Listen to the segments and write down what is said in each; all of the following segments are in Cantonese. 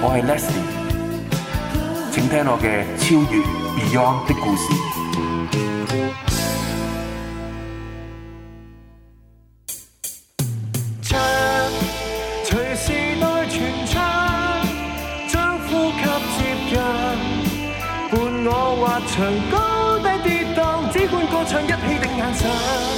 我係 Leslie，請聽我嘅超越 Beyond 的故事。唱， 隨時代傳唱，將呼吸接近，伴我滑翔高低跌宕，只管歌唱一起定眼神。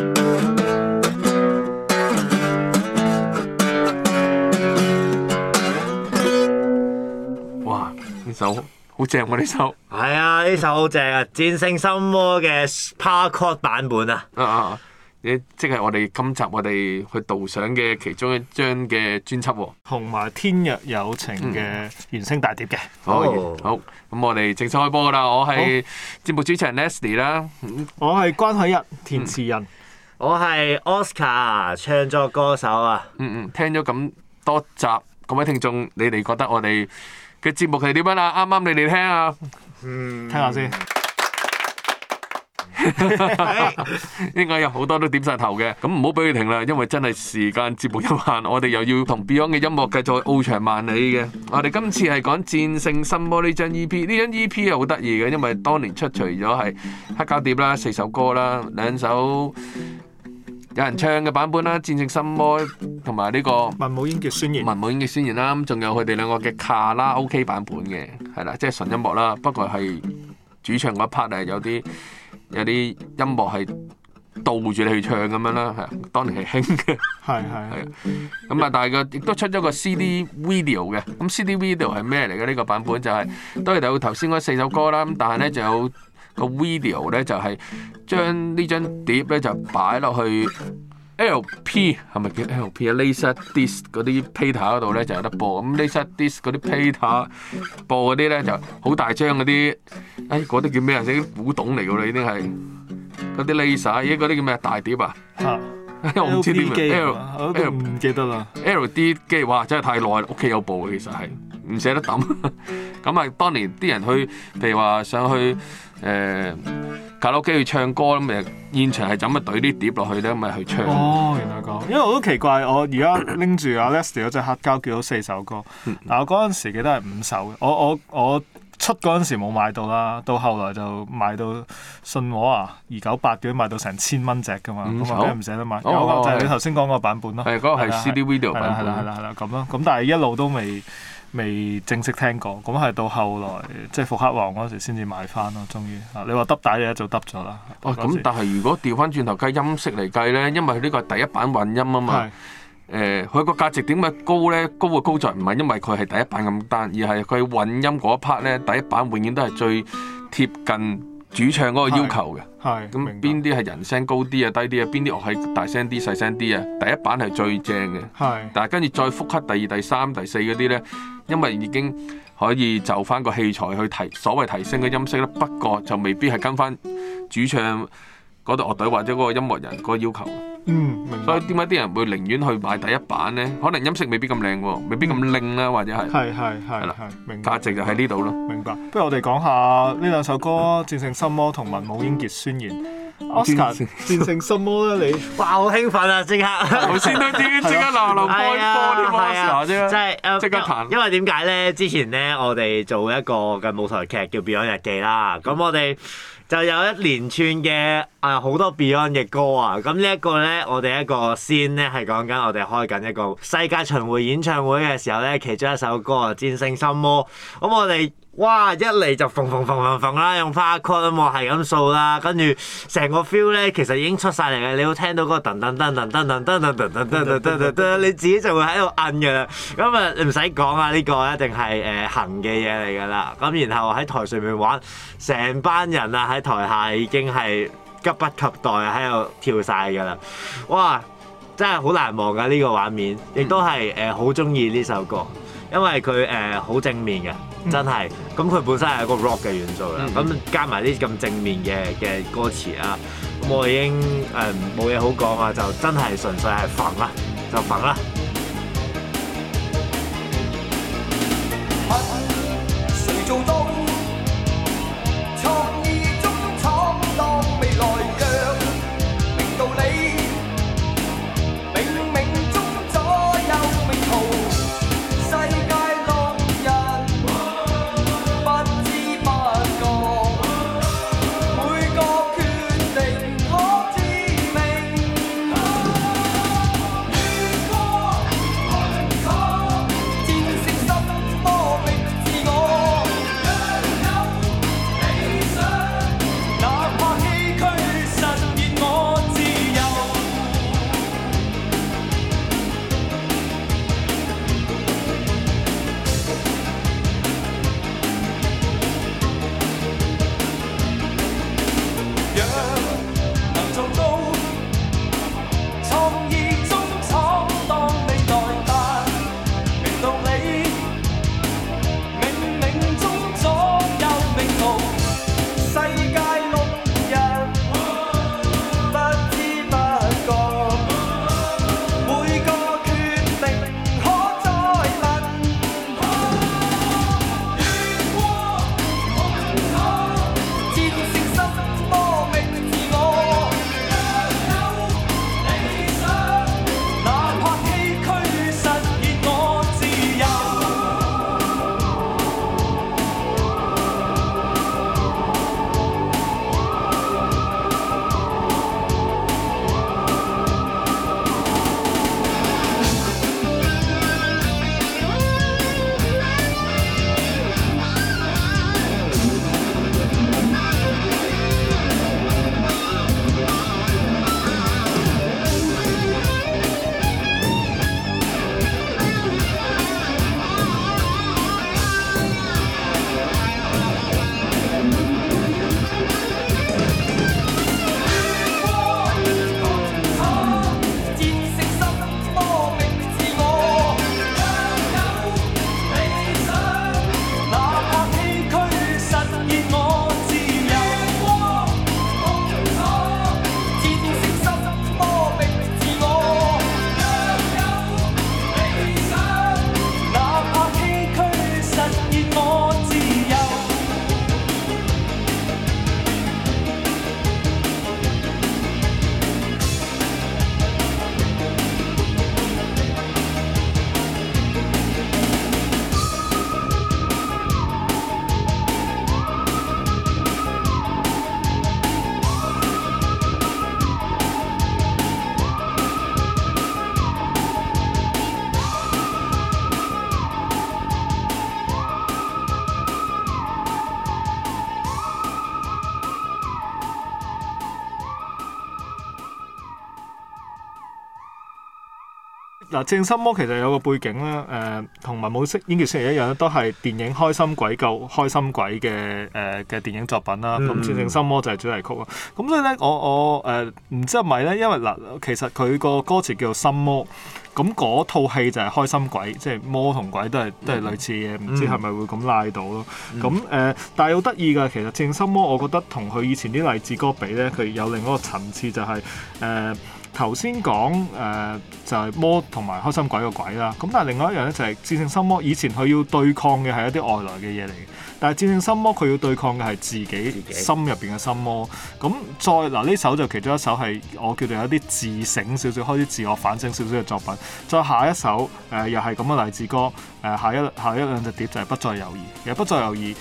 好正，我呢首。係啊，呢首好正啊！啊《戰勝心魔》嘅 p a r c o r d 版本啊，啊啊！你、啊、即係我哋今集我哋去導賞嘅其中一張嘅專輯，同埋《天若有情》嘅原聲大碟嘅。嗯、好，好，咁、哦、我哋正式開播啦！我係節目主持人 Nasty 啦、嗯嗯，我係關海日、填詞人，我係 Oscar 唱作歌手啊。嗯嗯，聽咗咁多集，各位聽眾，你哋覺得我哋？嘅節目係點樣啊？啱唔啱你哋聽啊？嗯，聽下先。應該有好多都點晒頭嘅，咁唔好俾佢停啦，因為真係時間節目有限，我哋又要同 Beyond 嘅音樂繼續翱翔萬里嘅。我哋今次係講《戰勝心魔》呢張 EP，呢張 EP 又好得意嘅，因為當年出除咗係黑膠碟啦，四首歌啦，兩首。有人唱嘅版本啦，《戰勝心魔》同埋呢個《文武英傑宣言》《文武英傑宣言》啦，咁仲有佢哋兩個嘅卡拉 OK 版本嘅，係啦，即係純音樂啦。不過係主唱嗰 part 係有啲有啲音樂係導住你去唱咁樣啦。係，當年係興嘅，係係係。咁啊的、嗯，但係個亦都出咗個 CD video 嘅。咁 CD video 係咩嚟嘅呢？個版本就係、是、當然有頭先嗰四首歌啦。咁但係咧就有。個 video 咧就係將呢張碟咧就擺落去 LP 係咪叫 LP 啊？LaserDisc 嗰啲 player 嗰度咧就有得播。咁 LaserDisc 嗰啲 player 播嗰啲咧就好大張嗰啲，哎嗰啲叫咩啊？啲古董嚟㗎啦，已經係嗰啲 Laser 依嗰啲叫咩？大碟啊嚇！啊 我唔知邊個，啊、l, l, 我唔記得啦。L, LD 機哇，真係太耐，屋企有部其實係唔捨得抌。咁啊，當年啲人去，譬如話上去。誒，卡、欸、拉 OK 要唱歌咁咪現場係咁樣？懟啲碟落去咧，咁咪去唱。哦，原來咁、那個。因為我都奇怪，我而家拎住阿 Leslie 嗰隻黑膠，叫咗四首歌。嗯、但我嗰陣時記得係五首嘅。我我我出嗰陣時冇買到啦，到後來就賣到信和啊，二九八點賣到成千蚊隻噶嘛。咁我即係唔捨得買。嗰個、哦、就係你頭先講嗰個版本咯。係嗰個係 CD Video 版，係啦係啦係啦咁咯。咁但係一路都未。未正式聽過，咁係到後來即係復刻王嗰時先至買翻咯。終於，啊，你話得打嘢就得咗啦。哦，咁但係如果調翻轉頭計音色嚟計咧，因為呢個係第一版混音啊嘛，誒是、呃，佢個價值點解高咧，高嘅高就唔係因為佢係第一版咁單，而係佢混音嗰一 part 咧，第一版永遠都係最貼近主唱嗰個要求嘅。係。咁邊啲係人聲高啲啊、低啲啊？邊啲樂器大聲啲、細聲啲啊？第一版係最正嘅。是但係跟住再復刻第二、第三、第四嗰啲咧。因為已經可以就翻個器材去提所謂提升嘅音色啦，不過就未必係跟翻主唱嗰隊樂隊或者嗰個音樂人嗰個要求。嗯，明白。所以點解啲人會寧願去買第一版呢？可能音色未必咁靚，未必咁靚啦，或者係係係係啦，價值就喺呢度咯。明白。不如我哋講下呢兩首歌《戰勝心魔》同《文武英傑宣言》。完成完成什麼啦你？哇！好興奮啊，即刻頭先 都知，即刻流流、啊、光光波波呢個時候啫，即係即刻彈。因為點解咧？之前咧，我哋做一個嘅舞台劇叫《Beyond 日記》啦。咁、嗯、我哋就有一連串嘅。啊，好多 Beyond 嘅歌啊！咁呢一個呢，我哋一個先呢，係講緊我哋開緊一個世界巡迴演唱會嘅時候呢，其中一首歌啊，《戰勝心魔》。咁我哋哇，一嚟就縫縫縫縫縫啦，用花圈，係咁掃啦，跟住成個 feel 呢，其實已經出晒嚟嘅。你會聽到嗰個噔噔噔噔噔噔噔噔噔噔噔噔噔，你自己就會喺度摁嘅啦。咁啊，你唔使講啊，呢個一定係誒行嘅嘢嚟噶啦。咁然後喺台上面玩，成班人啊喺台下已經係。急不及待喺度跳晒㗎啦！哇，真係好難忘㗎呢個畫面，亦都係誒好中意呢首歌，因為佢誒好正面嘅，真係。咁佢本身係一個 rock 嘅元素啦，咁加埋啲咁正面嘅嘅歌詞啊，咁我已經誒冇嘢好講啊，就真係純粹係粉啦，就粉啦。嗱《正、啊、心魔》其實有個背景咧，誒、呃、同文武飾演員星演一樣，都係電影開開《開心鬼》救《開心鬼》嘅誒嘅電影作品啦。咁、嗯《正心魔》就係主題曲咯。咁所以咧，我我誒唔知係咪咧？因為嗱，其實佢個歌詞叫做《心魔》，咁嗰套戲就係《開心鬼》，即係魔同鬼都係都係類似嘅，唔知係咪會咁拉到咯？咁誒，但係好得意㗎。其實《正心魔》，我覺得同佢以前啲勵志歌比咧，佢有另一個層次，就係，就係誒。呃呃頭先講誒就係、是、魔同埋開心鬼個鬼啦，咁但係另外一樣咧就係戰勝心魔。以前佢要對抗嘅係一啲外來嘅嘢嚟，但係戰勝心魔佢要對抗嘅係自己心入邊嘅心魔。咁己再嗱呢、呃、首就其中一首係我叫做一啲自省少少、開始自我反省少少嘅作品。再下一首誒、呃、又係咁嘅勵志歌誒、呃，下一下一兩隻碟就係不再猶豫。其實不再猶豫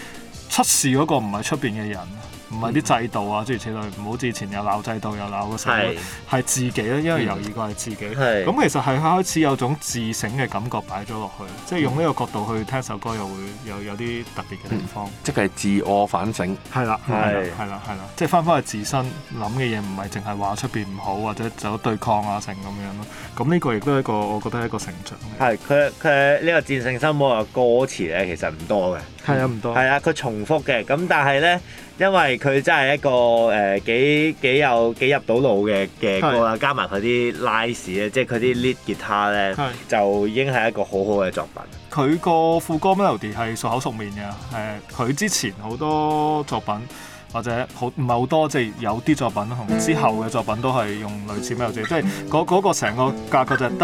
出事嗰個唔係出邊嘅人。唔係啲制度啊，諸如此類，唔好之前有鬧制度又鬧嘅時候，係是自己咯，因為猶豫過係自己。咁是其實係開始有種自省嘅感覺擺咗落去，嗯、即係用呢個角度去聽首歌，又會有有啲特別嘅地方。嗯、即係自我反省。係啦，係是啦，係啦，係啦，啦，啦，啦，即係返返去自身諗嘅嘢，唔係淨係話出邊唔好，或者走對抗啊成咁樣咯。咁呢個亦都係一個我覺得一個成長。係佢佢呢個戰勝心魔嘅歌詞咧，其實唔多嘅。係啊，唔多，係啊，佢重複嘅，咁但係咧，因為佢真係一個誒、呃、幾幾有幾入到腦嘅嘅歌，是加埋佢啲拉屎咧，即係佢啲 lead 吉他咧，是就已經係一個好好嘅作品。佢個副歌 melody 係熟口熟面嘅，誒，佢之前好多作品。或者好唔係好多，即係有啲作品同之後嘅作品都係用類似 melody，即係嗰嗰個成、那個、個格局就是，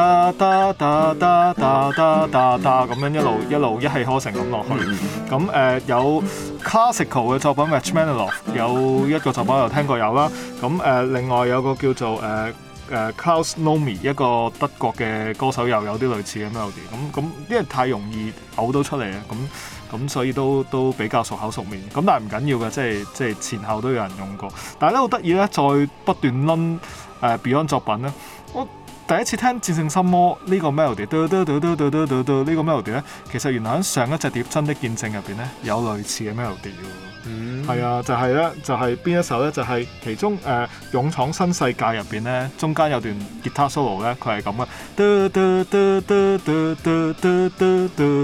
咁樣一路一路一氣呵成咁落去。咁誒、嗯嗯呃、有 classical 嘅作品《Rachmaninov》，有一個作品又聽過有啦。咁、嗯、誒、呃、另外有個叫做誒誒、呃呃、Klaus Nomi，一個德國嘅歌手又有啲類似嘅 melody、嗯。咁咁因為太容易嘔到出嚟啊！咁、嗯。嗯咁、嗯、所以都都比較熟口熟面，咁但係唔緊要嘅，即係即係前後都有人用過，但係咧好得意咧，再不斷冧誒 Beyond 作品咧，我第一次聽《戰勝心魔》呢個 melody，嘟嘟嘟嘟嘟嘟嘟嘟呢個 melody 咧，其實原來喺上一隻碟《真的見證》入邊咧，有類似嘅 melody。嗯，係、mm hmm. 啊，就係、是、咧，就係、是、邊一首咧？就係、是、其中誒、呃《勇闖新世界》入邊咧，中間有段吉他 solo 咧，佢係咁嘅。Mm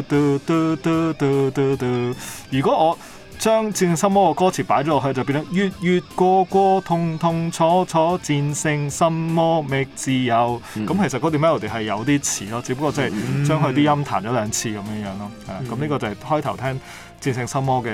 hmm. 如果我將戰心魔嘅歌詞擺咗落去，就變咗越越過過痛痛楚楚，戰勝心魔覓自由。咁、mm hmm. 其實嗰段 melody 係有啲似咯，只不過即係將佢啲音彈咗兩次咁樣樣咯。Mm hmm. 啊，咁呢個就係開頭聽，戰勝心魔嘅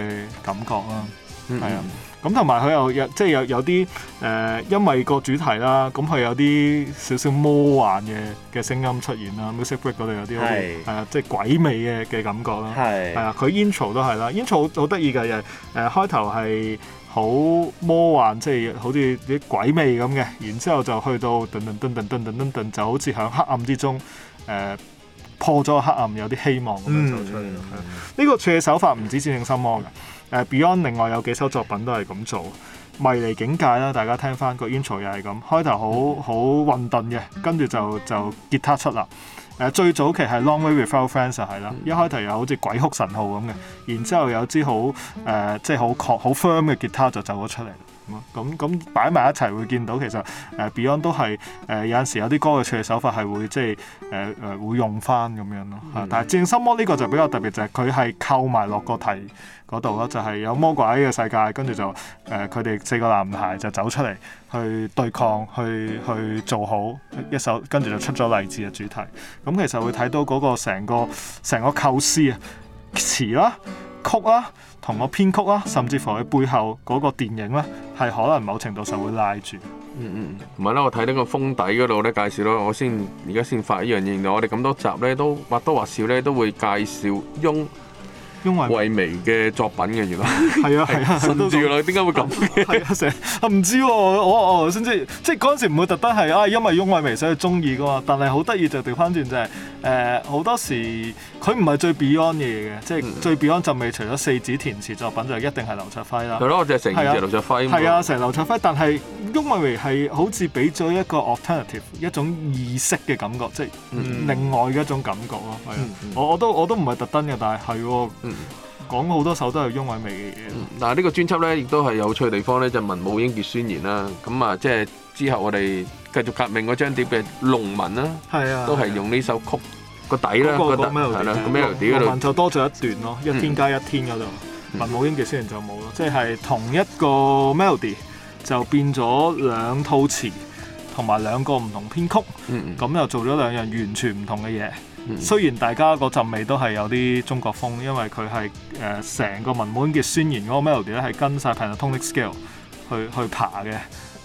感覺啦，係啊，咁同埋佢又有即係有有啲誒，因為個主題啦，咁佢有啲少少魔幻嘅嘅聲音出現啦，music break 嗰度有啲，係啊，即係鬼魅嘅嘅感覺啦，係啊，佢 intro 都係啦，intro 好得意嘅，誒，開頭係好魔幻，即係好似啲鬼魅咁嘅，然之後就去到噔噔噔噔噔噔噔噔，就好似喺黑暗之中誒。破咗黑暗，有啲希望咁、嗯、走出嚟咯。呢、嗯嗯、個處理手法唔止《戰勝心魔》嘅、嗯 uh，Beyond 另外有幾首作品都係咁做，《迷離境界》啦，大家聽翻個 intro 又係咁，開頭好好混沌嘅，跟住就就吉他出啦。誒最早期係《Long Way Without Friends》就係啦，一開頭又好似鬼哭神號咁嘅，然之後有支好誒即係好確好 firm 嘅吉他就走咗出嚟。咁咁擺埋一齊會見到其實誒、呃、Beyond 都係誒、呃、有陣時有啲歌嘅處理手法係會即係誒誒會用翻咁樣咯、啊，但係《戰心魔》呢、這個就比較特別，就係佢係扣埋落個題嗰度咯，就係、是、有魔鬼嘅世界，跟住就誒佢哋四個男孩就走出嚟去對抗，去去做好一首，跟住就出咗勵志嘅主題。咁、嗯、其實會睇到嗰個成個成個構思啊，詞啦、啊，曲啦。同我編曲啦、啊，甚至乎佢背後嗰個電影咧，係可能某程度上會拉住嗯。嗯嗯，唔係啦，我睇啲個封底嗰度咧，介紹咯，我先而家先發呢樣嘢。我哋咁多集咧，都或多或少咧都會介紹翁翁慧薇嘅作品嘅，原來係 啊係啊，甚啊，啊，啊，甚至咯，點解會咁？成日唔知喎，我我甚至即係嗰陣時唔會特登係啊，因為翁慧薇所以中意噶嘛。但係好得意就調翻轉就係、是、誒，好、呃、多時佢唔係最 Beyond 嘢嘅，即係、hmm. 最 Beyond 陣味，除咗四子填詞作品，就一定係劉卓輝啦。係咯、嗯，就係成日劉卓輝。係啊，成日劉卓輝。但係翁慧薇係好似俾咗一個 alternative 一種意識嘅感覺，即係、嗯、另外嘅一種感覺咯。係、嗯、啊，我我都我都唔係特登嘅，但係係喎。講好多首都係翁偉美嘅嘢。嗱，呢個專輯咧，亦都係有趣嘅地方咧，就《文武英傑宣言》啦。咁啊，即係之後我哋繼續革命嗰張碟嘅《農民》啦，係啊，都係用呢首曲個底啦，係啦。咁 melody 嗰度就多咗一段咯，一天加一天嗰度。《文武英傑宣言》就冇咯，即係同一個 melody 就變咗兩套詞，同埋兩個唔同編曲。嗯。咁又做咗兩樣完全唔同嘅嘢。雖然大家嗰陣味都係有啲中國風，因為佢係誒成個文武英傑宣言嗰個 melody 咧係跟晒 pentatonic scale 去去爬嘅，係、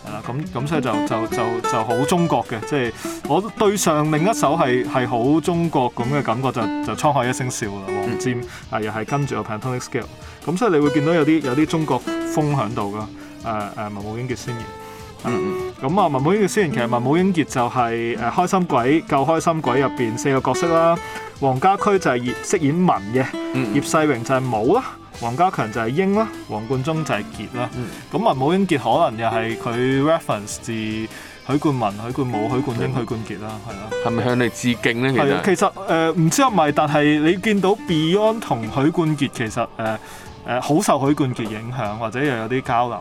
呃、啦，咁咁所以就就就就好中國嘅，即、就、係、是、我對上另一首係係好中國咁嘅感覺就就《滄海一聲笑》啦，嗯《黃霑、呃》啊又係跟住個 pentatonic scale，咁所以你會見到有啲有啲中國風喺度噶，誒、呃、誒文武英傑宣言。嗯，咁啊、嗯，嗯、文武英傑雖然其實文武英傑就係誒開心鬼、舊、嗯、開心鬼入邊四個角色啦。黃家駒就係演飾演文嘅，嗯、葉世榮就係武啦，黃家強就係英啦，黃貫中就係傑啦。咁、嗯嗯、文武英傑可能又係佢 reference 自許冠文、許冠武、許冠英、嗯、許冠傑啦，係啦、啊。係咪向你致敬咧其實、啊？其實其實誒唔知係咪，但係你見到 Beyond 同許冠傑其實誒誒好受許，許冠傑影響，或者又有啲交流。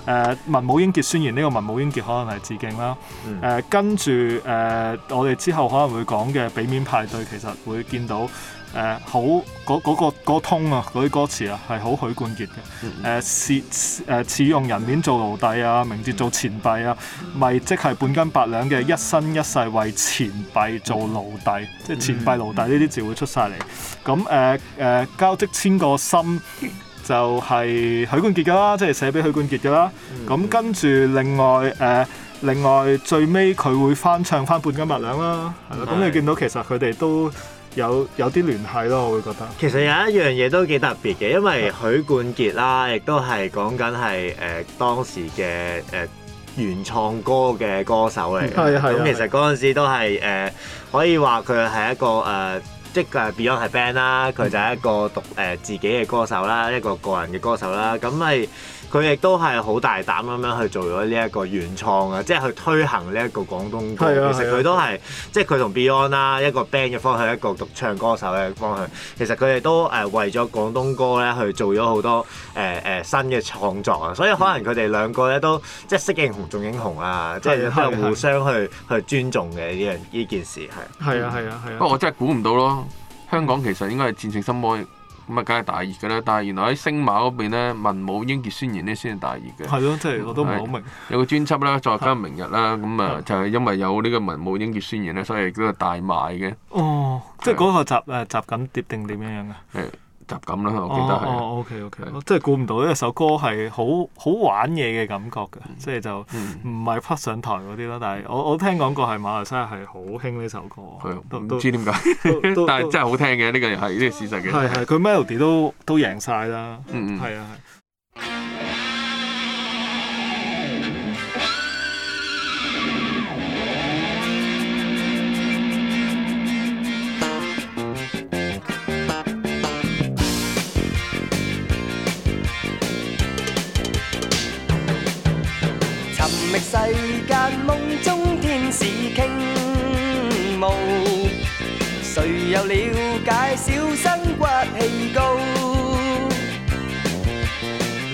誒、呃、文武英傑宣言呢、這個文武英傑可能係致敬啦。誒、嗯呃、跟住誒、呃、我哋之後可能會講嘅俾面派對，其實會見到誒、呃、好嗰嗰、那個歌通啊，嗰、那、啲、個、歌詞啊係、啊、好許冠傑嘅。誒使、嗯呃呃、用人面做奴隸啊，名節做錢幣啊，咪即係半斤八兩嘅一生一世為錢幣做奴隸，嗯、即係錢幣奴隸呢啲、嗯、字會出晒嚟。咁誒誒交織千個心。嗯就係許冠傑噶啦，即、就、係、是、寫俾許冠傑噶啦。咁、嗯、跟住另外誒、呃，另外最尾佢會翻唱翻《半斤八兩》啦。係啦、嗯，咁吧你見到其實佢哋都有有啲聯繫咯，我會覺得。其實有一樣嘢都幾特別嘅，因為許冠傑啦，亦都係講緊係誒當時嘅誒、呃、原創歌嘅歌手嚟嘅。咁其實嗰陣時都係誒、呃，可以話佢係一個誒。呃即係 Beyond 係 band 啦，佢就係一個獨誒自己嘅歌手啦，一個個人嘅歌手啦，咁咪、就是。佢亦都係好大膽咁樣去做咗呢一個原創啊，即係去推行呢一個廣東歌。啊啊、其實佢都係即係佢同 Beyond 啦，一個 band 嘅方向，一個獨唱歌手嘅方向。其實佢哋都誒為咗廣東歌咧去做咗好多誒誒、呃呃、新嘅創作啊。所以可能佢哋兩個咧都即係識英雄重英雄啊，即係互相去去尊重嘅呢樣呢件事係。係啊係啊係啊！不過、啊啊啊啊、我真係估唔到咯，香港其實應該係戰勝心魔。咁啊，梗係大熱噶啦！但係原來喺星馬嗰邊咧，《文武英傑宣言》咧先係大熱嘅。係咯，即係我都唔係好明。 有個專輯啦，再加明日啦，咁的啊的就係因為有呢個《文武英傑宣言》咧，所以嗰個大賣嘅。哦，的即係嗰個集誒的集錦碟定點樣樣啊？誒。感啦，我記得係。哦，OK，OK。我真係估唔到呢一首歌係好好玩嘢嘅感覺㗎，即係就唔係 put 上台嗰啲囉。但係我我聽講過係馬來西亞係好興呢首歌，都唔知點解，但係真係好聽嘅呢個又係呢個事實嘅。係係，佢 melody 都都贏晒啦。嗯係啊係。世界夢中天使傾慕，誰又瞭解小生骨氣高？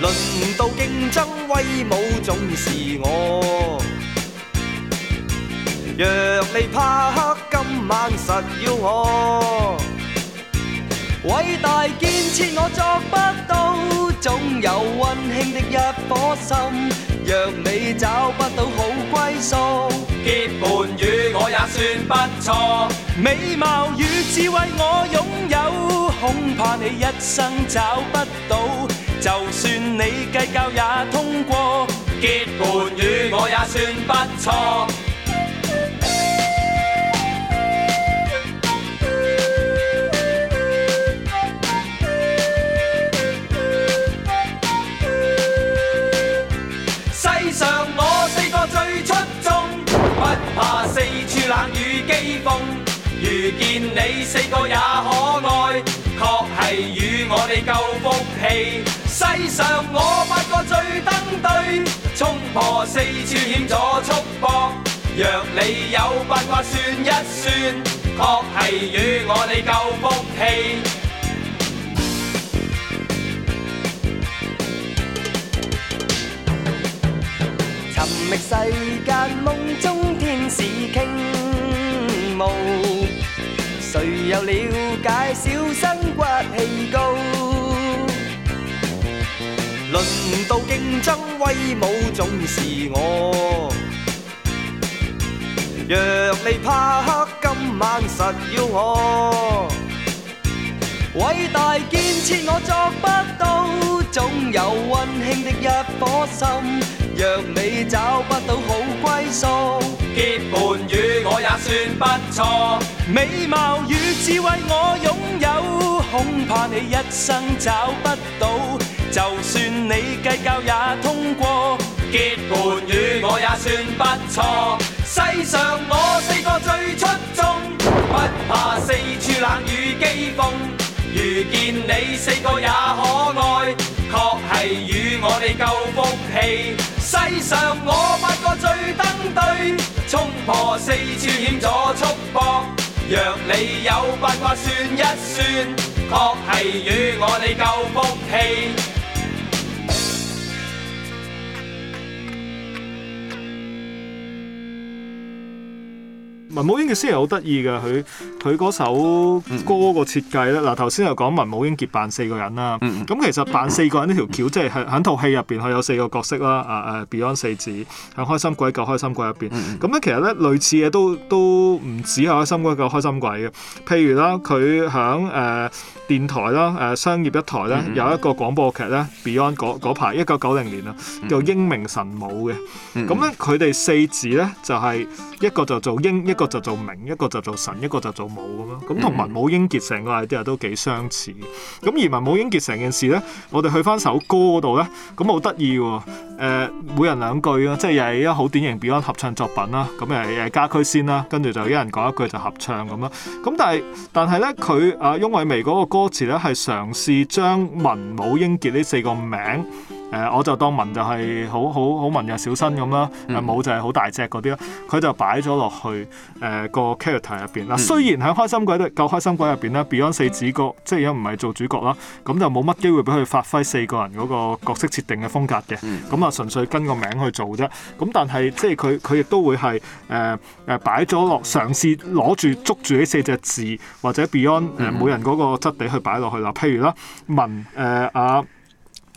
輪到競爭威武，總是我。若你怕黑，今晚實要我。偉大建設我做不到，總有溫馨的一顆心。若你找不到好歸宿，結伴與我也算不錯。美貌與智慧我擁有，恐怕你一生找不到。就算你計較也通過，結伴與我也算不錯。遇見你四個也可愛，確係與我哋夠福氣。世上我八個最登對，衝破四處險阻束縛。若你有八卦算一算，確係與我哋夠福氣。尋覓世間夢中天使傾慕。又了解小生骨氣高，輪到競爭威武總是我。若你怕黑，今晚實要我。偉大堅持我作不到，總有温馨的一顆心。若你找不到好歸宿。結伴與我也算不錯，美貌與智慧我擁有，恐怕你一生找不到，就算你計較也通過。結伴與我也算不錯，世上我四個最出眾，不怕四處冷雨譏諷，遇見你四個也可愛，確係與我哋夠福氣，世上我八個最登對。衝破四處險阻束縛，若你有八卦算一算，確係與我哋夠福氣。文武英傑先人好得意嘅，佢佢首歌個設計咧，嗱頭先又講文武英傑扮四個人啦。咁、嗯嗯、其實扮四個人呢條橋即係響套戲入邊，佢有四個角色啦。啊誒、啊、Beyond 四子響《開心鬼》救《開心鬼》入邊，咁咧其實咧類似嘅都都唔止喺《開心鬼》救《開心鬼》嘅，譬如啦，佢響誒電台啦，誒、啊、商業一台咧、嗯嗯、有一個廣播劇咧 Beyond 嗰排一九九零年啊叫英明神武嘅。咁咧佢哋四子咧就係、是、一個就做英，一個英。一個一個就做明一個就做神一個就做武咁咯，咁同文武英傑成個 idea 都幾相似。咁而文武英傑成件事咧，我哋去翻首歌嗰度咧，咁好得意嘅誒，每人兩句咯，即係又係一好典型 Beyond 合唱作品啦。咁誒，又係家駒先啦，跟住就一人講一句就合唱咁啦。咁但係但係咧，佢阿、啊、翁偉微嗰個歌詞咧係嘗試將文武英傑呢四個名。誒我就當文就係好好好文又小身咁啦，誒武就係好大隻嗰啲啦。佢就擺咗落去誒、呃個 character 入邊啦。雖然喺開心鬼度救開心鬼入邊咧，Beyond 四主角即係而家唔係做主角啦，咁就冇乜機會俾佢發揮四個人嗰個角色設定嘅風格嘅，咁啊純粹跟個名去做啫。咁但係即係佢佢亦都會係誒誒擺咗落嘗試攞住捉住呢四隻字或者 Beyond 誒、呃、每人嗰個質地去擺落去啦。譬如啦文誒阿。呃啊啊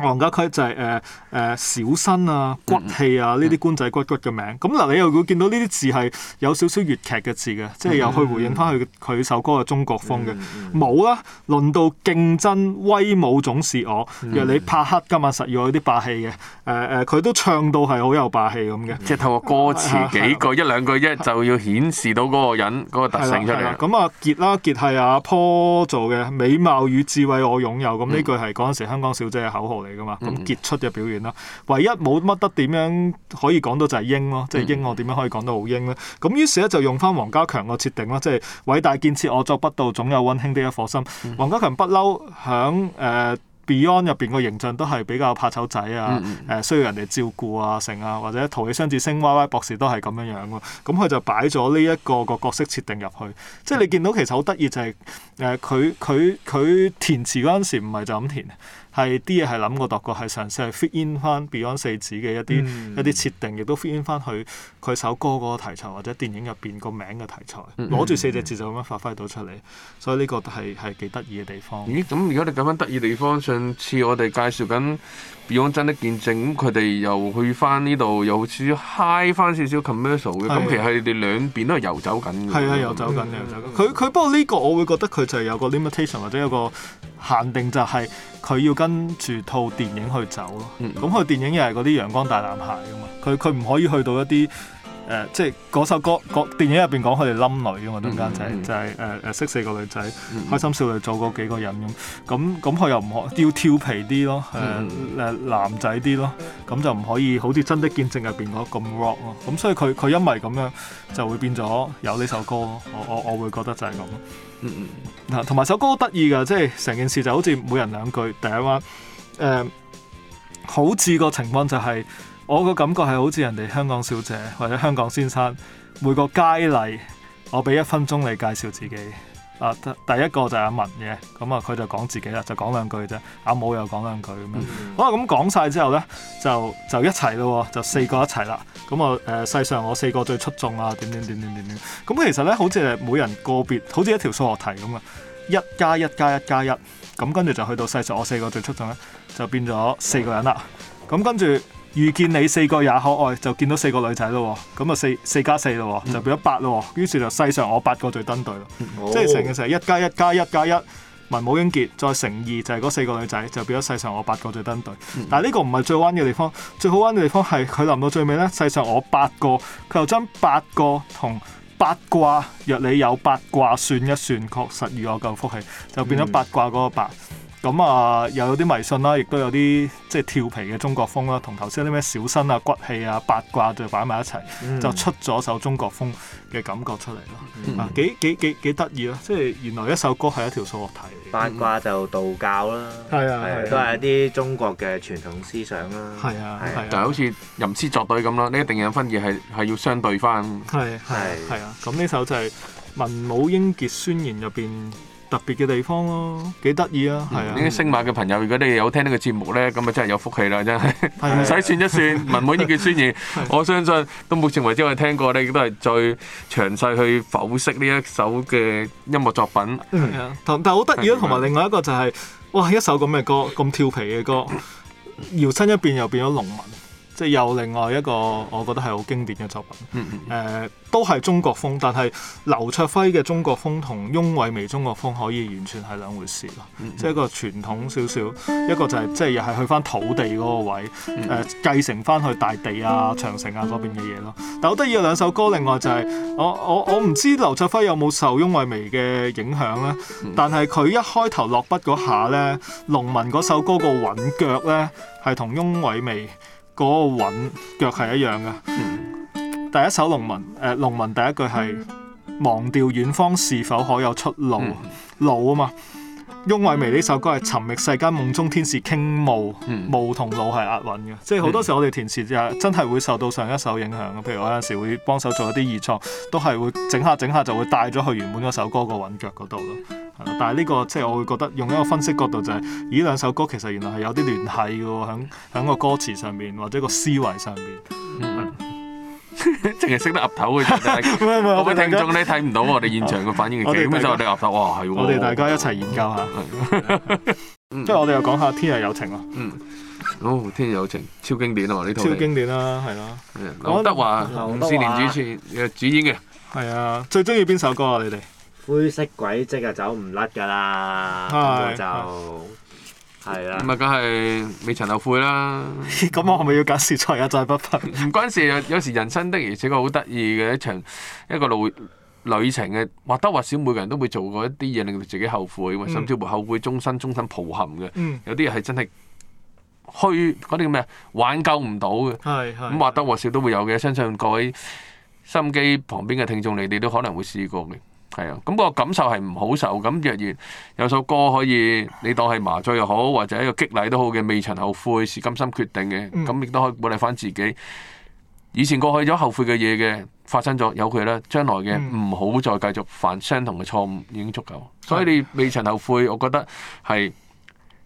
黃家駒就係誒誒小生啊、骨氣啊呢啲官仔骨骨嘅名。咁嗱，你又會見到呢啲字係有少少粵劇嘅字嘅，即係又去回應翻佢佢首歌嘅中國風嘅。冇啦，輪到競爭威武總是我。若你拍黑今晚實要有啲霸氣嘅。誒誒，佢都唱到係好有霸氣咁嘅。即係透過歌詞幾句一兩句啫，就要顯示到嗰個人嗰個特性出嚟。咁啊傑啦，傑係阿坡做嘅，美貌與智慧我擁有。咁呢句係嗰陣時香港小姐嘅口號嚟。嚟噶嘛？咁傑、嗯嗯、出嘅表現啦，唯一冇乜得點樣可以講到就係英咯，即係英我點樣可以講到好英咧？咁於是咧就用翻黃家強個設定咯，即係偉大建設我作不到，總有溫馨的一顆心。黃、嗯、家強不嬲響誒 Beyond 入邊個形象都係比較怕醜仔啊，誒、呃、需要人哋照顧啊成啊，或者淘氣雙子星歪歪博士都係咁樣樣咯。咁佢就擺咗呢一個個角色設定入去，嗯、即係你見到其實好得意就係、是。誒，佢佢佢填詞嗰陣時唔係就咁填，係啲嘢係諗過度過，係嘗試係 fit in 翻 Beyond 四字嘅一啲、嗯、一啲設定，亦都 fit in 翻佢佢首歌嗰個題材或者電影入邊個名嘅題材，攞住四隻字就咁樣發揮到出嚟，嗯、所以呢個係係幾得意嘅地方。咦？咁如果你咁樣得意嘅地方，上次我哋介紹緊。如果真的見證，咁佢哋又去翻呢度，又好似 high 翻少少 commercial 嘅。咁其實你哋兩邊都係游走緊嘅。係啊，游走緊嘅。佢佢、嗯、他不過呢個，我會覺得佢就係有個 limitation 或者有個限定，就係佢要跟住套電影去走咯。咁佢、嗯、電影又係嗰啲陽光大男孩㗎嘛，佢佢唔可以去到一啲。誒、呃、即係嗰首歌，個電影入邊講佢哋冧女啊嘛，當家仔就係誒誒識四個女仔，mm hmm. 開心少女就做過幾個人咁，咁咁佢又唔可要調皮啲咯，誒、呃、誒、mm hmm. 男仔啲咯，咁就唔可以好似《真的見證》入邊嗰咁 rock 咯，咁所以佢佢因為咁樣就會變咗有呢首歌咯，我我我會覺得就係咁咯，同埋、mm hmm. 首歌得意㗎，即係成件事就好似每人兩句，第一晚誒、呃，好似個情況就係、是。我個感覺係好似人哋香港小姐或者香港先生每個佳麗，我俾一分鐘你介紹自己啊。第一個就係阿文嘅咁啊，佢就講自己啦，就講兩句啫。阿武又講兩句咁樣。好啦，咁講晒之後呢，就就一齊咯，就四個一齊啦。咁啊誒，世上我四個最出眾啊，點點點點點點。咁其實呢，好似係每人個別，好似一條數學題咁啊，一加一加一加一咁，跟住就去到世上我四個最出眾呢，就變咗四個人啦。咁跟住。遇見你四個也可愛，就見到四個女仔咯，咁啊四四加四咯，就變咗八咯。於是就世上我八個最登對咯，mm hmm. 即係成日成日一加一加一加一，文武英傑再乘二就係嗰四個女仔，就變咗世上我八個最登對。Mm hmm. 但係呢個唔係最玩嘅地方，最好玩嘅地方係佢臨到最尾呢。「世上我八個，佢又將八個同八卦，若你有八卦算一算，確實遇我夠福氣，就變咗八卦嗰個八。Mm hmm. 咁啊，又有啲迷信啦，亦都有啲即係調皮嘅中國風啦，同頭先啲咩小生啊、骨氣啊、八卦就擺埋一齊，就出咗首中國風嘅感覺出嚟咯，幾幾幾幾得意咯！即係原來一首歌係一條數學題，八卦就道教啦，係啊，都係一啲中國嘅傳統思想啦，係啊，但係好似吟詩作對咁咯，你一定要有分別，係係要相對返，係係係啊！咁呢首就係《文武英傑宣言》入邊。特別嘅地方咯，幾得意啊！係啊，啲、嗯啊、星馬嘅朋友，如果你有聽呢個節目咧，咁啊真係有福氣啦，真係。唔使是 算一算，是是是文滿意句宣言， 是是我相信到目前為止我哋聽過咧，都係最詳細去剖析呢一首嘅音樂作品。係啊，同但係好得意啊，同埋、啊、另外一個就係、是，哇！一首咁嘅歌，咁調皮嘅歌，搖身一變又變咗農民。即係有另外一個，我覺得係好經典嘅作品。誒、嗯哼呃，都係中國風，但係劉卓輝嘅中國風同翁偉薇中國風可以完全係兩回事咯。嗯、哼即係一個傳統少少，一個就係、是、即係又係去翻土地嗰個位誒、嗯哼呃，繼承翻去大地啊、長城啊嗰邊嘅嘢咯。但係好得意有兩首歌，另外就係、是、我我我唔知劉卓輝有冇受翁偉薇嘅影響咧，嗯、哼但係佢一開頭落筆嗰下咧，《農民》嗰首歌個韻腳咧係同翁偉薇。嗰個韻腳係一樣㗎。嗯、第一首農民，誒、呃、農民第一句係忘、嗯、掉遠方是否可有出路，嗯、路啊嘛。翁慧薇呢首歌係尋覓世間夢中天使傾慕，慕同路係押韻嘅，即係好多時候我哋填詞真係會受到上一首影響。譬如我有時會幫手做一啲二創，都係會整下整下就會帶咗去原本嗰首歌個韻腳嗰度咯。但係、這、呢個即係我會覺得用一個分析角度就係、是，咦兩首歌其實原來係有啲聯繫嘅喎，喺喺個歌詞上面或者個思維上面。嗯淨係識得岌頭嘅啫，唔係，我啲聽眾咧，睇唔到我哋現場嘅反應，基本上我哋岌頭，哇係喎，我哋大家一齊研究下，即係我哋又講下《天若有情》啊，嗯，哦《天若有情》超經典啊嘛呢套，超經典啦，係咯，劉德華、吳倩蓮主主演嘅，係啊，最中意邊首歌啊你哋？灰色軌跡啊，走唔甩㗎啦，我就。係啊，咁啊，梗係、嗯嗯、未曾後悔啦。咁我係咪要揀少再有再不忿？唔、嗯、關事有時人生的而且確好得意嘅一場一個路旅程嘅，或多或少每個人都會做過一啲嘢令到自己後悔甚至乎後悔終身、終身抱憾嘅。嗯、有啲嘢係真係虛嗰啲咁嘅挽救唔到嘅。咁、嗯、或多或少都會有嘅。相信各位收音機旁邊嘅聽眾，你哋都可能會試過嘅。係啊，咁、那個感受係唔好受。咁若然有首歌可以，你當係麻醉又好，或者一個激勵都好嘅，未曾後悔是甘心決定嘅，咁亦都可以鼓勵翻自己。以前過去咗後悔嘅嘢嘅，發生咗有佢啦。將來嘅唔好再繼續犯相同嘅錯誤，已經足夠。所以你未曾後悔，我覺得係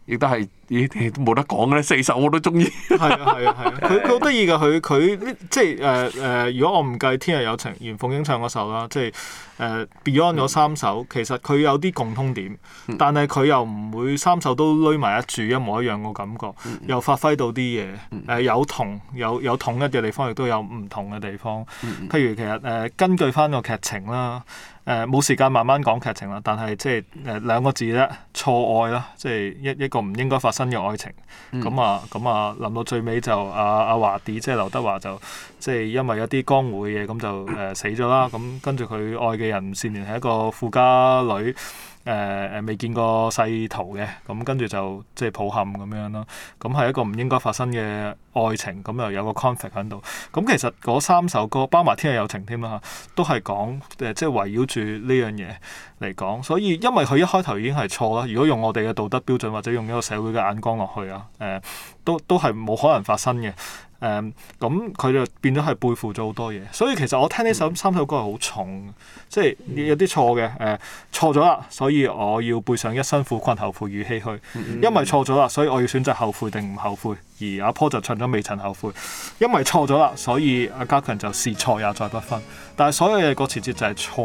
亦都係。咦，都冇得講咧！四首我都中意。係 啊，係啊，係啊，佢好得意㗎，佢佢即係誒誒，如果我唔計《天若有情》，袁鳳瑛唱嗰首啦，即係誒、呃、Beyond 咗三首，嗯、其實佢有啲共通點，嗯、但係佢又唔會三首都匿埋一住一模一樣個感覺，嗯、又發揮到啲嘢。誒、嗯呃、有同有有統一嘅地方，亦都有唔同嘅地方。嗯嗯、譬如其實誒、呃、根據翻個劇情啦，誒、呃、冇時間慢慢講劇情啦，但係即係誒兩個字啫，錯愛啦，即係一一個唔應，應，應，應該發。新嘅愛情，咁、嗯、啊，咁啊，諗到最尾就阿阿、啊啊、華弟，即、就、係、是、劉德華就即係、就是、因為一啲江湖嘅嘢，咁就誒、呃、死咗啦。咁、嗯啊、跟住佢愛嘅人善連係一個富家女。誒誒，未見過細圖嘅，咁跟住就即係抱憾咁樣咯。咁係一個唔應該發生嘅愛情，咁又有一個 conflict 喺度。咁其實嗰三首歌，包埋《天若有情》添啊，都係講、呃、即係圍繞住呢樣嘢嚟講。所以因為佢一開頭已經係錯啦。如果用我哋嘅道德標準，或者用一個社會嘅眼光落去啊，誒、呃，都都係冇可能發生嘅。誒咁佢就變咗係背負咗好多嘢，所以其實我聽呢首三首歌係好重，嗯、即係有啲錯嘅，誒、呃、錯咗啦，所以我要背上一身苦困、後悔與唏噓，嗯嗯嗯，因為錯咗啦，所以我要選擇後悔定唔後悔。而阿 Paul 就唱咗未曾後悔，因為錯咗啦，所以阿家強就是錯也再不分。但係所有嘢個前節就係錯，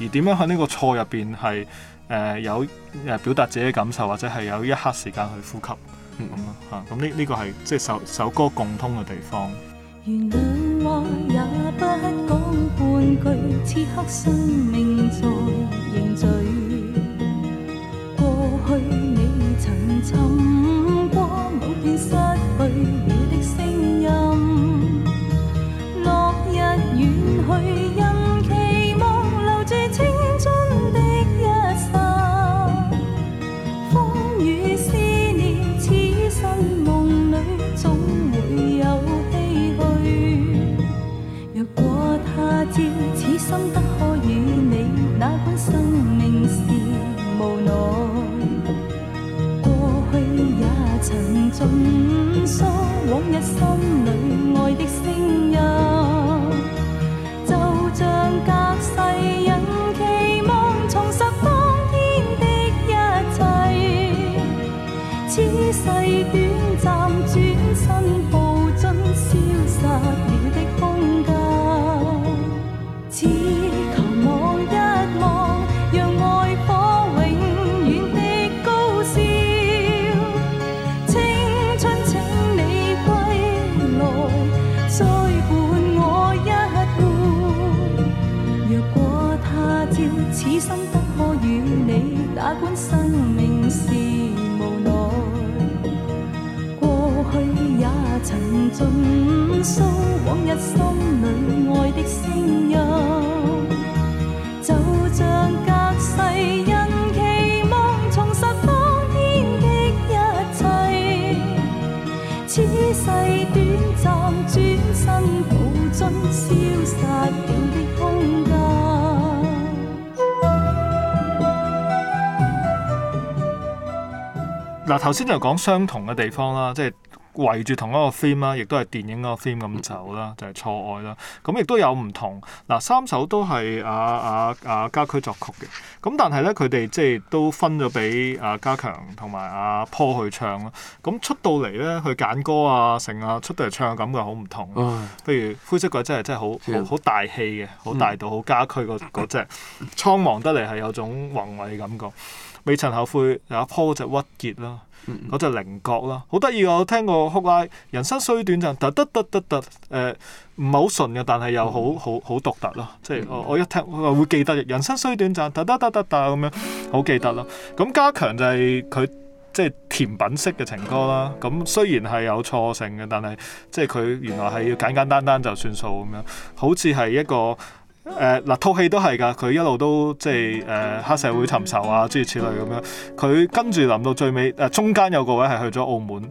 而點樣喺呢個錯入邊係誒有誒表達自己嘅感受，或者係有一刻時間去呼吸。嗯，咁咯吓，咁呢，呢個係即係首首歌共通嘅地方。音心得可與你，那管生命是無奈，過去也曾盡訴往日心裏愛的聲。盡數往日心裏愛的聲音，就像隔世人期望重拾當天的一切。此世短暫轉,轉身步進消失、啊、了的空間。嗱，頭先就講相同嘅地方啦，即係。圍住同一個 theme 啦，亦都係電影嗰個 theme 咁走啦，就係、是、錯愛啦。咁亦都有唔同。嗱，三首都係阿阿阿家駒作曲嘅。咁但係咧，佢哋即係都分咗俾阿家強同埋阿 Paul 去唱咯。咁出到嚟咧，佢揀歌啊，成啊，出到嚟唱嘅感覺好唔同。譬如灰色軌真係真係、嗯、好好大氣嘅，好大度，好家駒嗰嗰隻。蒼茫得嚟係有種宏偉感覺。未曾後悔，阿 Paul 就鬱結啦。我就靈覺咯，好得意啊！我聽過哭哀，人生雖短暫，呃，但得得得得，誒唔係好順嘅，但係又好好好獨特咯。即係我我一聽我會記得，人生雖短暫，得得得得得咁樣，好記得咯。咁加強就係佢即係甜品式嘅情歌啦。咁雖然係有錯性嘅，但係即係佢原來係要簡簡單單就算數咁樣，好似係一個。誒嗱套戲都係噶，佢一路都即係誒、呃、黑社會尋仇啊，諸如此類咁樣。佢跟住臨到最尾，誒、呃、中間有個位係去咗澳門，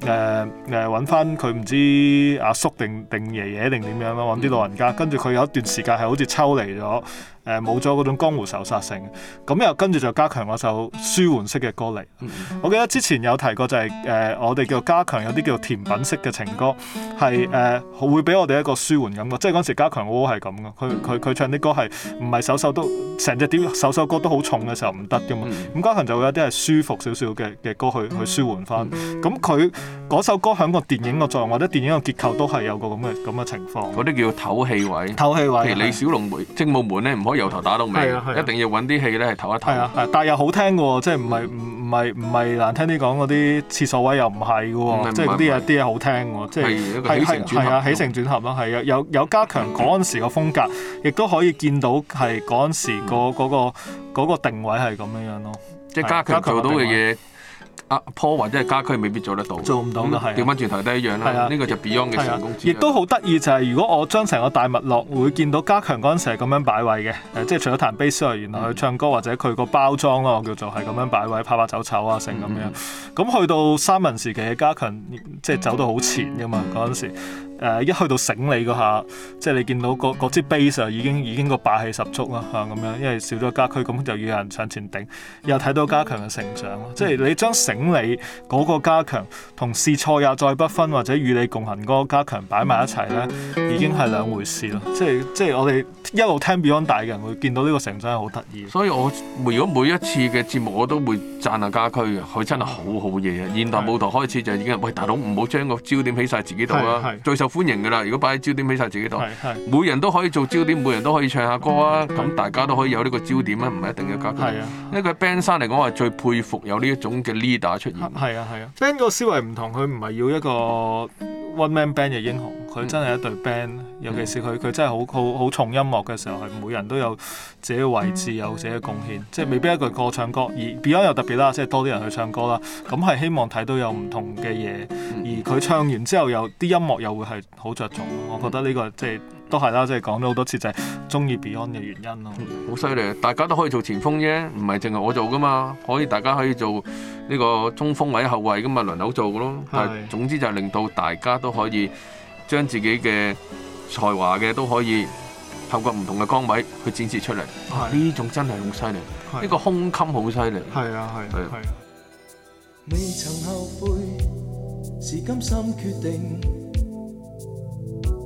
誒誒揾翻佢唔知阿叔定定爺爺定點樣啦，揾啲老人家。跟住佢有一段時間係好似抽離咗。誒冇咗嗰種江湖手殺性，咁又跟住就加強嗰首舒緩式嘅歌嚟。嗯、我記得之前有提過、就是，就係誒我哋叫加強，有啲叫甜品式嘅情歌，係誒、呃、會俾我哋一個舒緩感覺。即係嗰時加強，我係咁嘅。佢佢唱啲歌係唔係首首都成隻碟首首歌都好重嘅時候唔得嘅嘛？咁、嗯、加強就會有啲係舒服少少嘅嘅歌去去舒緩翻。咁佢嗰首歌喺個電影個作用或者電影個結構都係有個咁嘅咁嘅情況。嗰啲叫唞氣位，唞氣位、就是。譬如李小龍《精武門》咧，唔可以，由頭打到尾，一定要揾啲戲咧係唞一唞。係啊，但係又好聽嘅喎，即係唔係唔唔係唔係難聽啲講嗰啲廁所位又唔係嘅喎，即係啲嘢啲嘢好聽喎，即係係係啊，起承轉合咯，係有有有加強嗰陣時個風格，亦都可以見到係嗰陣時個定位係咁樣樣咯，即係加強做到嘅嘢。阿 Paul、啊、或者係家駒未必做得到，做唔到嘅係調翻轉頭都一樣啦。係啊，呢、啊、個就 Beyond 嘅成功。亦都好得意就係，如果我將成個大脈絡，會見到家強嗰陣時係咁樣擺位嘅，嗯呃，即係除咗彈 Bass 外，原來佢唱歌或者佢個包裝咯，叫做係咁樣擺位，怕怕走醜啊成咁樣。咁、嗯、去到三人時期嘅家強，即係走到好前嘅嘛嗰陣時。嗯嗯嗯誒一去到醒你嗰下，即係你見到個支 base 已經已經個霸氣十足啦吓咁樣，因為少咗家駒，咁就要有人上前頂，又睇到家強嘅成長，即係你將醒你嗰個家強同試錯又再不分或者與你共行嗰個家強擺埋一齊咧，已經係兩回事咯。即係即係我哋一路聽 Beyond 大嘅人，會見到呢個成長係好得意。所以我如果每一次嘅節目我都會讚下家駒，佢真係好好嘢啊！現代舞台開始就已經喂，大佬唔好將個焦點起晒自己度啦，歡迎㗎啦！如果擺啲焦點畀晒自己度，每人都可以做焦點，每人都可以唱下歌啊！咁、嗯、大家都可以有呢個焦點咧，唔係一定要 group。啊、band 山嚟講，係最佩服有呢一種嘅 leader 出現。係啊係啊，啊，band 個思維唔同，佢唔係要一個 one man band 嘅英雄，佢真係一隊 band、嗯。尤其是佢佢真係好好好重音樂嘅時候，係每人都有自己位置，有自己貢獻，即係未必一個歌唱歌。而 Beyond 又特別啦，即係多啲人去唱歌啦，咁係希望睇到有唔同嘅嘢。而佢唱完之後有，又啲音樂又會係。好着重，我覺得呢個即係都係啦，即係講咗好多次，就係中意 Beyond 嘅原因咯。好犀利，大家都可以做前鋒啫，唔係淨係我做噶嘛，可以大家可以做呢個中鋒位後衞噶嘛，輪流做噶咯。但係，總之就係令到大家都可以將自己嘅才華嘅都可以透過唔同嘅崗位去展示出嚟。啊，呢種真係好犀利，呢個胸襟好犀利。係啊，係啊，係啊。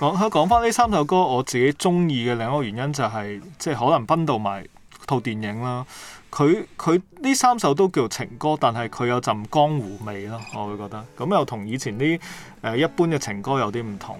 講開講翻呢三首歌，我自己中意嘅另一個原因就係、是，即係可能分到埋套電影啦。佢佢呢三首都叫情歌，但係佢有陣江湖味咯，我會覺得。咁又同以前啲誒、呃、一般嘅情歌有啲唔同，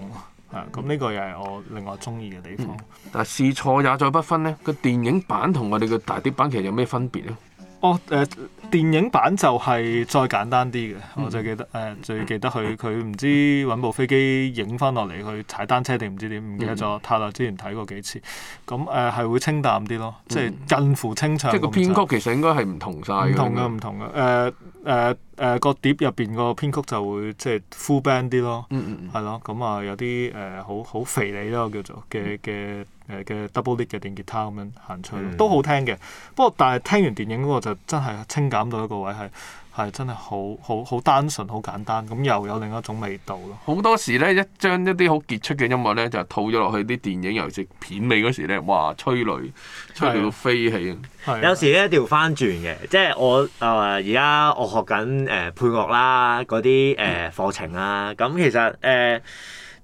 啊咁呢個又係我另外中意嘅地方。嗯、但係是錯也在不分咧，個電影版同我哋嘅大碟版其實有咩分別咧？哦，誒、oh, uh, 電影版就係再簡單啲嘅，mm. 我最記得誒、uh, 最記得佢佢唔知揾部飛機影翻落嚟去踩單車定唔知點，唔記得咗。太耐，之前睇過幾次，咁誒係會清淡啲咯，即、就、係、是、近乎清唱、mm. 嗯。即係個編曲其實應該係唔同晒，唔同嘅，唔同嘅，誒誒誒個碟入邊個編曲就會即係、就是、full band 啲咯，係咯、mm.，咁啊有啲誒好好肥膩咯叫做嘅嘅。誒嘅 double lead 嘅電吉他咁樣行出去都好聽嘅。嗯、不過但係聽完電影嗰、那個就真係清減到一個位係係真係好好好單純好簡單，咁又有另一種味道咯。好多時咧一將一啲好傑出嘅音樂咧就套咗落去啲電影，尤其是片尾嗰時咧，哇！催淚催到飛起。有時咧調翻轉嘅，即係我誒而家我學緊誒配樂啦，嗰啲誒課程啦，咁、嗯、其實誒。呃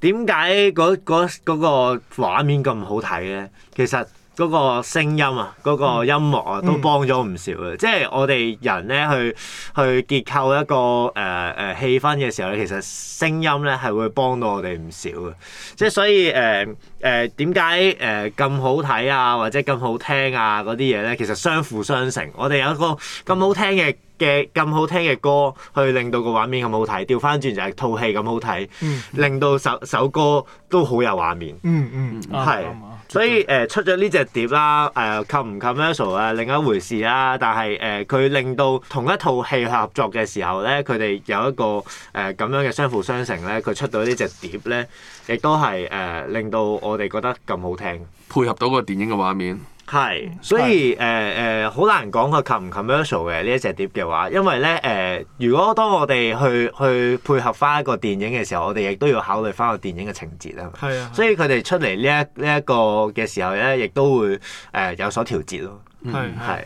點解嗰嗰個畫面咁好睇咧？其實嗰個聲音啊，嗰、嗰個音樂啊，嗯、都幫咗唔少嘅。嗯、即係我哋人咧去去結構一個誒誒、呃呃、氣氛嘅時候咧，其實聲音咧係會幫到我哋唔少嘅。即係所以誒誒點解誒咁好睇啊，或者咁好聽啊嗰啲嘢咧，其實相輔相成。我哋有一個咁好聽嘅。嘅咁好聽嘅歌，去令到個畫面咁好睇。調翻轉就係套戲咁好睇，嗯、令到首首歌都好有畫面。嗯嗯，係。所以誒、呃、出咗呢隻碟啦，誒合唔合 commercial 啊，可可 al, 另一回事啦。但係誒佢令到同一套戲合作嘅時候咧，佢哋有一個誒咁、呃、樣嘅相輔相成咧，佢出到呢隻碟咧，亦都係誒、呃、令到我哋覺得咁好聽，配合到個電影嘅畫面。係，所以誒誒，好是、呃呃、難講佢 commercial 唔 commercial 嘅，呢一隻碟嘅話，因為咧誒、呃，如果當我哋去去配合翻一個電影嘅時候，我哋亦都要考慮翻個電影嘅情節啊嘛。係啊，所以佢哋出嚟呢一呢一、這個嘅時候咧，亦都會誒、呃、有所調節咯。係係，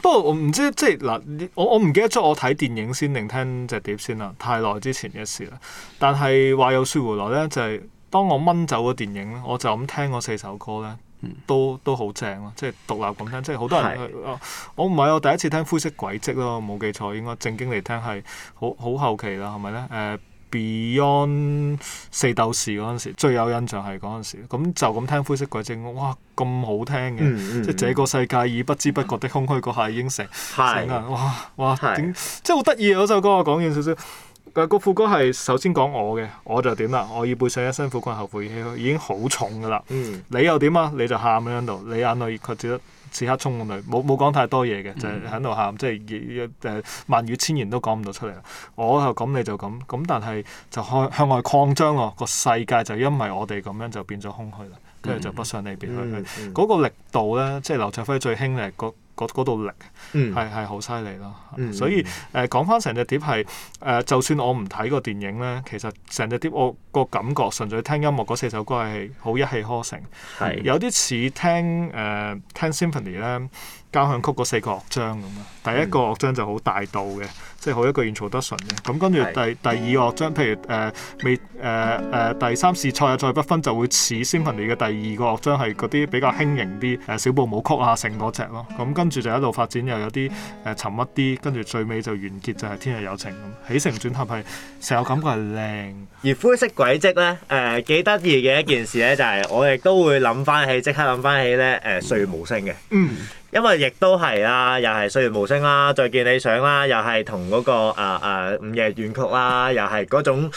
不過我唔知即係嗱，我我唔記得咗我睇電影先定聽隻碟先啦，太耐之前嘅事啦。但係話又說回來咧，就係、是、當我掹走個電影咧，我就咁聽嗰四首歌咧。都都好正咯，即係獨立咁聽，即係好多人。去是、啊。我唔係我第一次聽灰色軌跡咯，冇記錯應該正經嚟聽係好好後期啦，係咪咧、呃、？Beyond 四鬥士嗰陣時，最有印象係嗰陣時，咁就咁聽灰色軌跡，哇咁好聽嘅，嗯嗯、即係這個世界已不知不覺的空虛個、嗯、下應成是，哇哇點是，即係好得意啊，嗰首歌我講完少少。誒個副歌係首先講我嘅，我就點啦，我要背上一身苦困後悔，已經好重噶啦。嗯、你又點啊？你就喊喺度，你眼淚佢只得此刻充滿淚，冇冇講太多嘢嘅、嗯，就係喺度喊，即係誒萬語千言都講唔到出嚟啦。我就咁，你就咁，咁但係就向向外擴張喎，個世界就因為我哋咁樣就變咗空虛啦，跟住就不想你別去。嗰、嗯嗯嗯、個力度咧，即係劉卓輝最興係個，嗰度力，係係好犀利咯。嗯、所以誒講返成隻碟係誒、呃，就算我唔睇個電影咧，其實成隻碟我個感覺，純粹聽音樂嗰四首歌係好一氣呵成，的有啲似聽誒、呃、聽 Symphony 咧交響曲嗰四個樂章咁啊。第一個樂章就好大度嘅。嗯嗯即係好一句言曹德純嘅，咁跟住第第二樂章，譬如誒、呃、未誒誒、呃呃、第三次賽啊再不分，就會似仙凡地嘅第二個樂章係嗰啲比較輕盈啲誒、呃、小步舞曲啊成嗰隻咯，咁跟住就一路發展又有啲誒、呃、沉鬱啲，跟住最尾就完結就係、是、天日有情天若有情咁起承轉合係成個感覺係靚。而灰色軌跡咧誒幾得意嘅一件事咧就係、是、我亦都會諗翻起即刻諗翻起咧誒歲月無聲嘅，嗯、因為亦都係啊，又係歲月無聲啦，再見你上再見理想啦，又係同。嗰、那個啊啊，午、啊、夜怨曲啦、啊，又係嗰種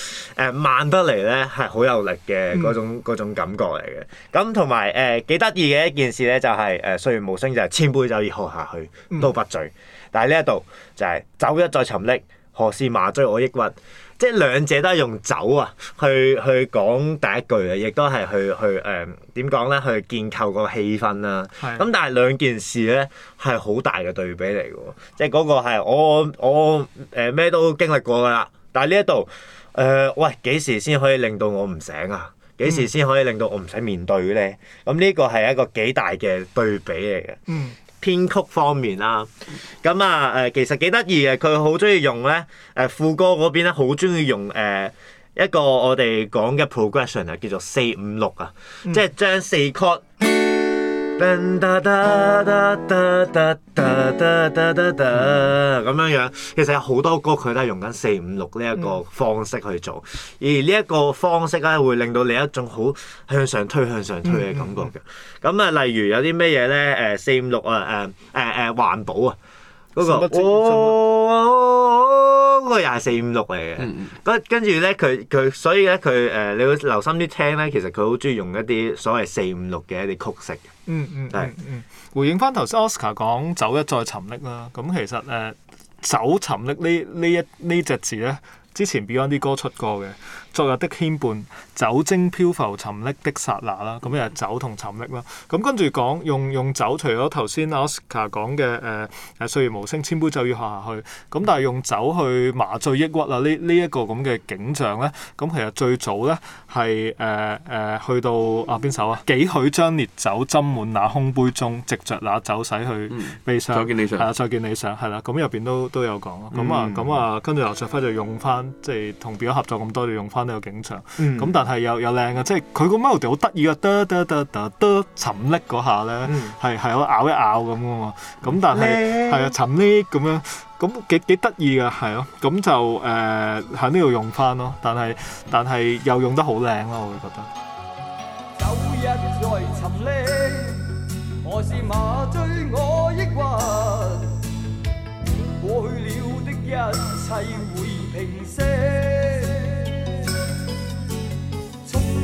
慢得嚟咧，係好有力嘅嗰種，嗯、種感覺嚟嘅。咁同埋誒幾得意嘅一件事咧，就係誒歲月無聲就係千杯酒已喝下去都不醉。但係呢一度就係、是、酒一再沉溺。何時麻醉我抑鬱？即係兩者都係用酒啊，去去講第一句啊，亦都係去去誒點講咧？去建構個氣氛啦、啊。咁是的、嗯、但係兩件事咧係好大嘅對比嚟嘅喎，即係嗰個係我我誒咩、呃、都經歷過噶啦。但係呢一度誒，喂幾時先可以令到我唔醒啊？幾時先可以令到我唔使、啊嗯嗯、面對咧？咁呢個係一個幾大嘅對比嚟嘅。嗯。編曲方面啦，咁啊誒，其實幾得意嘅，佢好中意用咧誒，副歌嗰邊咧好中意用誒、呃、一個我哋講嘅 progression 啊，叫做四五六啊，即係將四 n 咁樣、嗯嗯、樣，其實有好多歌佢都係用緊四五六呢一個方式去做，嗯、而呢一個方式咧會令到你一種好向上推、向上推嘅感覺嘅。咁啊、嗯嗯，例如有啲咩嘢咧？誒、呃、四五六啊，誒誒誒環保啊。嗰、那個哦，嗰個又係四五六嚟嘅，咁跟住咧，佢佢所以咧，佢誒、呃，你會留心啲聽咧，其實佢好中意用一啲所謂四五六嘅一啲曲式、嗯。嗯是嗯嗯回應翻頭先，Oscar 講走一再沉溺啦，咁、嗯、其實誒、呃，走沉溺呢呢一呢隻字咧，之前 Beyond 啲歌出過嘅。昨日的牽絆酒精漂浮沉溺的剎那啦，咁又係酒同沉溺啦。咁、嗯、跟住講用用酒，除咗頭先 Oscar 講嘅誒誒歲月無聲，千杯酒要喝下,下去。咁、嗯、但係用酒去麻醉抑鬱啊？呢呢一個咁嘅景象咧，咁、嗯、其實最早咧係誒誒去到啊邊首啊？幾許將烈酒斟滿那空杯中，藉著那酒洗去悲傷、嗯。再見理想，係啦，再見理想，係啦。咁入邊都都有講咯。咁啊咁啊，跟住劉卓輝就用翻，即係同 Beyond 合作咁多就用翻。有警場，咁但係又又靚嘅，即係佢個 melody 好得意嘅，得得得得沉溺嗰下咧，係係有咬一咬咁嘅嘛。咁但係係啊，沉溺咁樣，咁幾幾得意嘅，係咯。咁就誒喺呢度用翻咯，但係但係又用得好靚咯，我會覺得。酒一再沉溺，何時麻醉我抑鬱，過去了的一切會平息。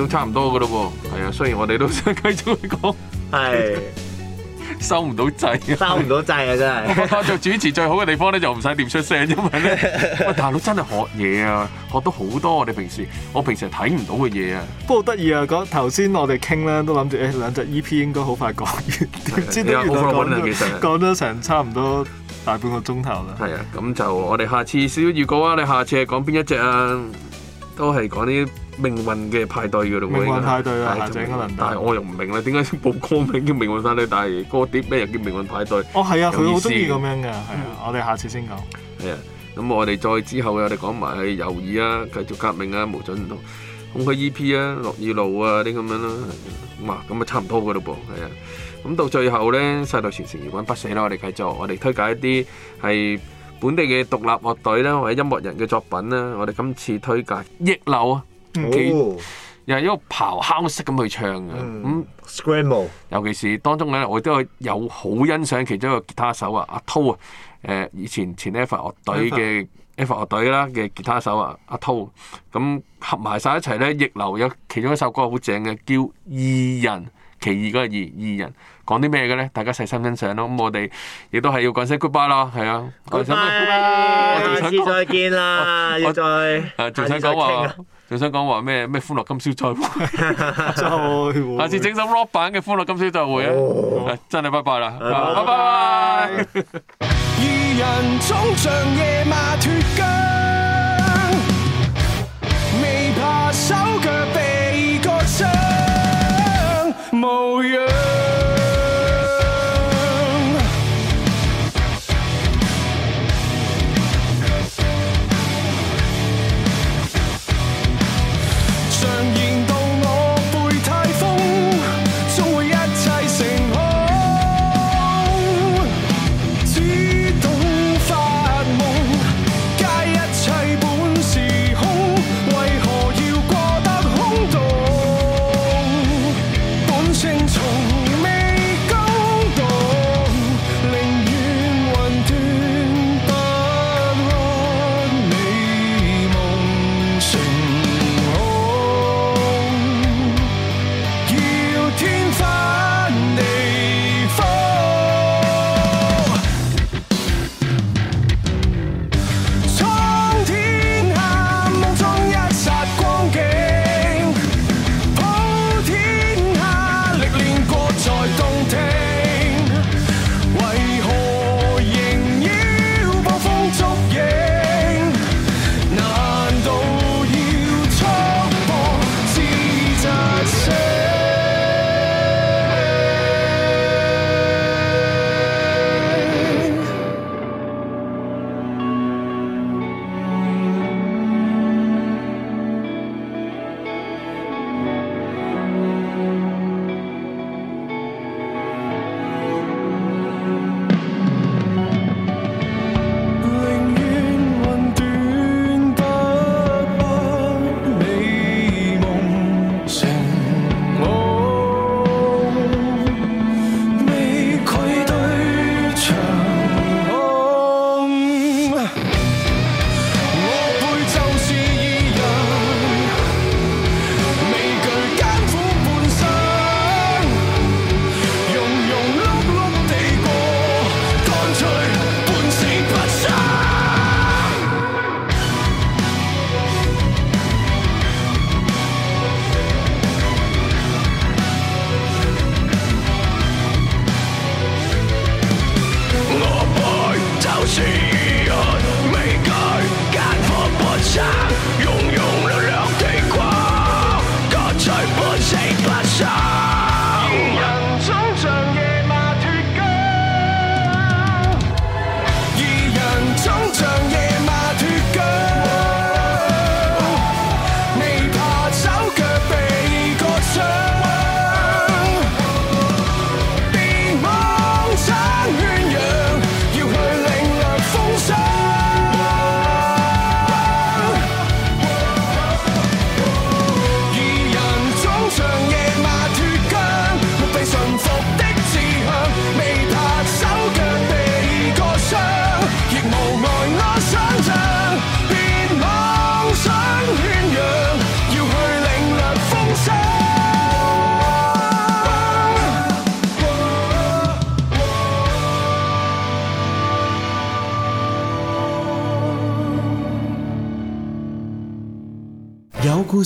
都差唔多噶咯喎，係啊哇，雖然我哋都想繼續去講，係是 收唔到掣，收唔到掣啊，真係。做 主持最好嘅地方咧就唔使點出聲，因為咧， 喂，大佬真係學嘢啊，學到好多我哋平時我平時睇唔到嘅嘢啊。不過好得意啊，講頭先我哋傾咧都諗住誒兩隻 EP 應該好快講完，點知的都講咗成差唔多大半個鐘頭啦。係啊，咁就我哋下次小預告啊，你下次係講邊一隻啊？都係講啲命運嘅派對噶咯，命運派對啊！夏井阿林，但係我又唔明啦，點解部歌名叫命運派對，但係個碟咩又叫命運派對？哦，係啊，佢好中意咁樣噶，係啊，我哋下次先講。係啊，咁我哋再之後啊，我哋講埋係猶豫啊，繼續革命啊，無盡都紅黑 EP 啊，樂意路啊啲咁樣啦。哇，咁啊差唔多噶咯噃，係啊，咁到最後咧，世代傳承，搖滾不死啦！我哋繼續，我哋推介一啲係。本地嘅獨立樂隊啦，或者音樂人嘅作品啦，我哋今次推介逆流啊，又係一個咆哮式咁去唱嘅，咁 Scramble。尤其是當中咧，我都有好欣賞其中一個吉他手啊，阿濤啊，誒以前前 F 樂隊嘅 F 樂隊啦嘅吉他手啊，阿濤。咁合埋曬一齊咧，逆流有其中一首歌好正嘅，叫異人，奇異嘅異，異人。講啲咩嘅咧？大家細心欣賞咯。咁我哋亦都係要講聲 goodbye 啦，係啊。Goodbye，拜拜，下次再見啦，再。誒，仲想講話，仲想講話咩咩？歡樂今宵再會，再會。下次整首 rock 版嘅《歡樂今宵再會》啊，真係拜拜啦，拜拜。